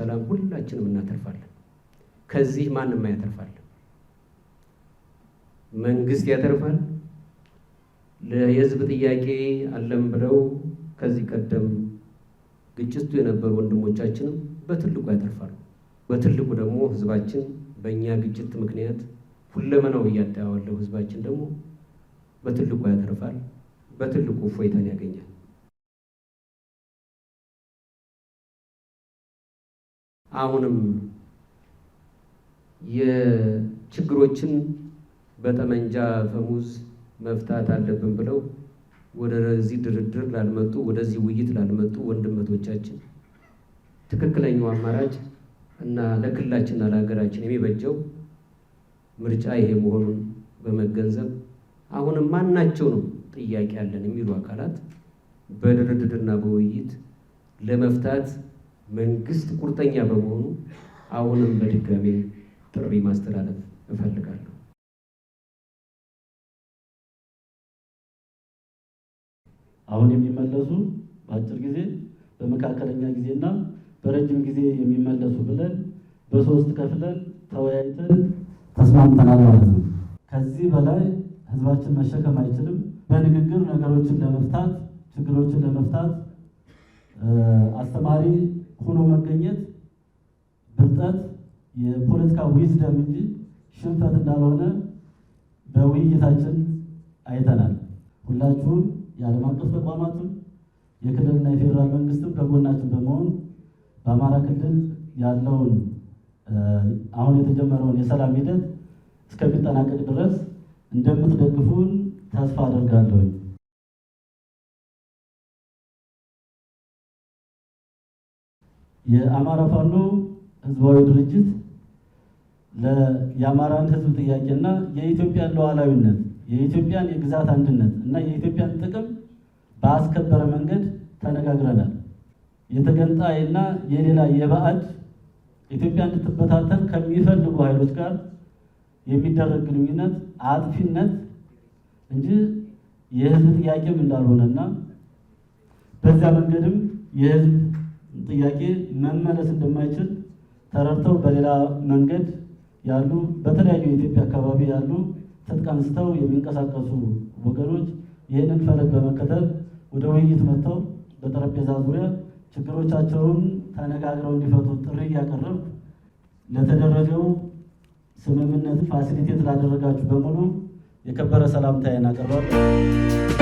ሰላም ሁላችንም እናተርፋለን። ከዚህ ማንም ያተርፋል። መንግስት ያተርፋል። ለህዝብ ጥያቄ አለም ብለው ከዚህ ቀደም ግጭቱ የነበሩ ወንድሞቻችንም በትልቁ ያተርፋሉ። በትልቁ ደግሞ ህዝባችን በእኛ ግጭት ምክንያት ሁለመናው እያዳዋለው ህዝባችን ደግሞ በትልቁ ያተርፋል። በትልቁ እፎይታን ያገኛል። አሁንም የችግሮችን በጠመንጃ ፈሙዝ መፍታት አለብን ብለው ወደዚህ ድርድር ላልመጡ ወደዚህ ውይይት ላልመጡ ወንድመቶቻችን ትክክለኛው አማራጭ እና ለክልላችንና ለሀገራችን የሚበጀው ምርጫ ይሄ መሆኑን በመገንዘብ አሁንም ማናቸው ነው ጥያቄ አለን የሚሉ አካላት በድርድርና በውይይት ለመፍታት መንግስት ቁርጠኛ በመሆኑ አሁንም በድጋሜ ጥሪ ማስተላለፍ እፈልጋለሁ። አሁን የሚመለሱ በአጭር ጊዜ፣ በመካከለኛ ጊዜና በረጅም ጊዜ የሚመለሱ ብለን በሶስት ከፍለን ተወያይተን ተስማምተናል ማለት ነው። ከዚህ በላይ ህዝባችን መሸከም አይችልም። በንግግር ነገሮችን ለመፍታት ችግሮችን ለመፍታት አስተማሪ ሆኖ መገኘት ብልጠት፣ የፖለቲካ ዊዝደም እንጂ ሽንፈት እንዳልሆነ በውይይታችን አይተናል። ሁላችሁም የዓለም አቀፍ ተቋማትም የክልልና የፌዴራል መንግስትም ከጎናችን በመሆን በአማራ ክልል ያለውን አሁን የተጀመረውን የሰላም ሂደት እስከሚጠናቀቅ ድረስ እንደምትደግፉን ተስፋ አደርጋለሁኝ። የአማራ ፋኖ ህዝባዊ ድርጅት የአማራን ህዝብ ጥያቄና የኢትዮጵያን ሉዓላዊነት የኢትዮጵያን የግዛት አንድነት እና የኢትዮጵያን ጥቅም በአስከበረ መንገድ ተነጋግረናል። የተገንጣይና የሌላ የባዕድ ኢትዮጵያ እንድትበታተን ከሚፈልጉ ኃይሎች ጋር የሚደረግ ግንኙነት አጥፊነት እንጂ የህዝብ ጥያቄም እንዳልሆነና በዚያ መንገድም የህዝብ ጥያቄ መመለስ እንደማይችል ተረድተው በሌላ መንገድ ያሉ በተለያዩ የኢትዮጵያ አካባቢ ያሉ ትጥቅ አንስተው የሚንቀሳቀሱ ወገኖች ይህንን ፈለግ በመከተል ወደ ውይይት መጥተው በጠረጴዛ ዙሪያ ችግሮቻቸውን ተነጋግረው እንዲፈቱ ጥሪ እያቀረብ ለተደረገው ስምምነት ፋሲሊቴት ላደረጋችሁ በሙሉ የከበረ ሰላምታዬን አቀርባለሁ።